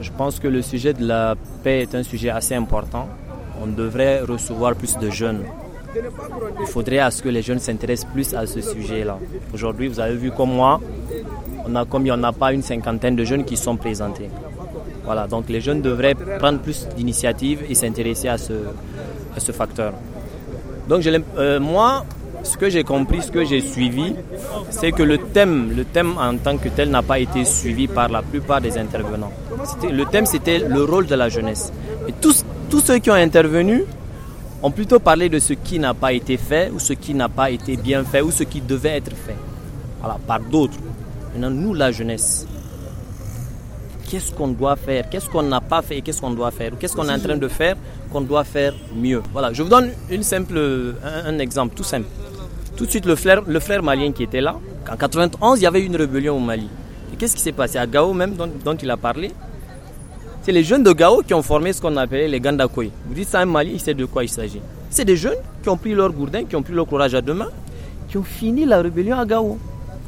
Je pense que le sujet de la paix est un sujet assez important. On devrait recevoir plus de jeunes. Il faudrait à ce que les jeunes s'intéressent plus à ce sujet-là. Aujourd'hui, vous avez vu comme moi, on a comme il n'y en a pas une cinquantaine de jeunes qui sont présentés. Voilà, donc les jeunes devraient prendre plus d'initiatives et s'intéresser à ce, facteur. Donc je, euh, moi, ce que j'ai compris, ce que j'ai suivi, c'est que le thème, le thème en tant que tel n'a pas été suivi par la plupart des intervenants. Le thème, c'était le rôle de la jeunesse. Et tous, ceux qui ont intervenu ont plutôt parlé de ce qui n'a pas été fait, ou ce qui n'a pas été bien fait, ou ce qui devait être fait. Voilà, par d'autres. Maintenant, nous, la jeunesse, qu'est-ce qu'on doit faire, qu'est-ce qu'on n'a pas fait et qu'est-ce qu'on doit faire, qu'est-ce qu'on est en train de faire qu'on doit faire mieux. Voilà, je vous donne une simple, un exemple tout simple. Tout de suite, le frère, malien qui était là, en 91, il y avait une rébellion au Mali. Et qu'est-ce qui s'est passé À Gao même, dont, il a parlé, c'est les jeunes de Gao qui ont formé ce qu'on appelait les Gandakoi. Vous dites ça un Mali, il sait de quoi il s'agit. C'est des jeunes qui ont pris leur gourdin, qui ont pris leur courage à deux mains, qui ont fini la rébellion à Gao.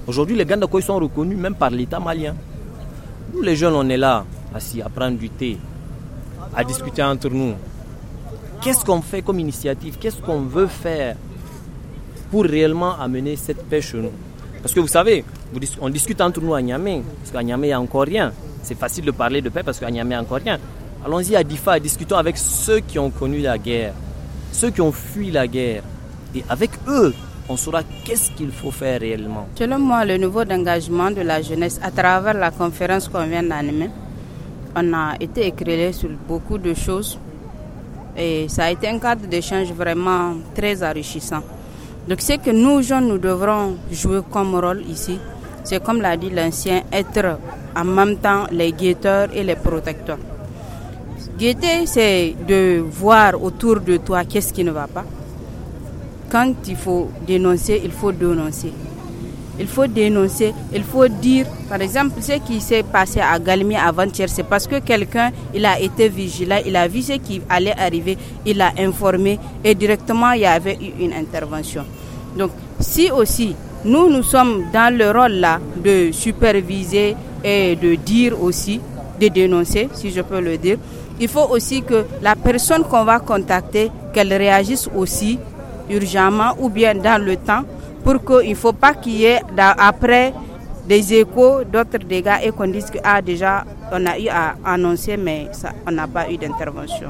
Aujourd'hui, les Gandakoi sont reconnus même par l'État malien. Nous, les jeunes, on est là, assis à prendre du thé, à discuter entre nous. Qu'est-ce qu'on fait comme initiative Qu'est-ce qu'on veut faire pour réellement amener cette paix chez nous. Parce que vous savez, on discute entre nous à Niamey, parce qu'à Niamey, il n'y a encore rien. C'est facile de parler de paix parce qu'à Niamey, il n'y a encore rien. Allons-y à Difa, discutons avec ceux qui ont connu la guerre, ceux qui ont fui la guerre. Et avec eux, on saura qu'est-ce qu'il faut faire réellement. Selon moi, le niveau d'engagement de la jeunesse à travers la conférence qu'on vient d'animer, on a été éclairé sur beaucoup de choses. Et ça a été un cadre d'échange vraiment très enrichissant. Donc ce que nous jeunes, nous devrons jouer comme rôle ici, c'est comme l'a dit l'ancien, être en même temps les guetteurs et les protecteurs. Guetter, c'est de voir autour de toi qu'est-ce qui ne va pas. Quand il faut dénoncer, il faut dénoncer. Il faut dénoncer, il faut dire. Par exemple, ce qui s'est passé à Galmi avant-hier, c'est parce que quelqu'un, il a été vigilant, il a vu ce qui allait arriver, il a informé et directement, il y avait eu une intervention. Donc, si aussi, nous, nous sommes dans le rôle là de superviser et de dire aussi, de dénoncer, si je peux le dire, il faut aussi que la personne qu'on va contacter, qu'elle réagisse aussi urgemment ou bien dans le temps pour qu'il ne faut pas qu'il y ait après des échos, d'autres dégâts et qu'on dise que ah, déjà on a eu à annoncer mais on n'a pas eu d'intervention.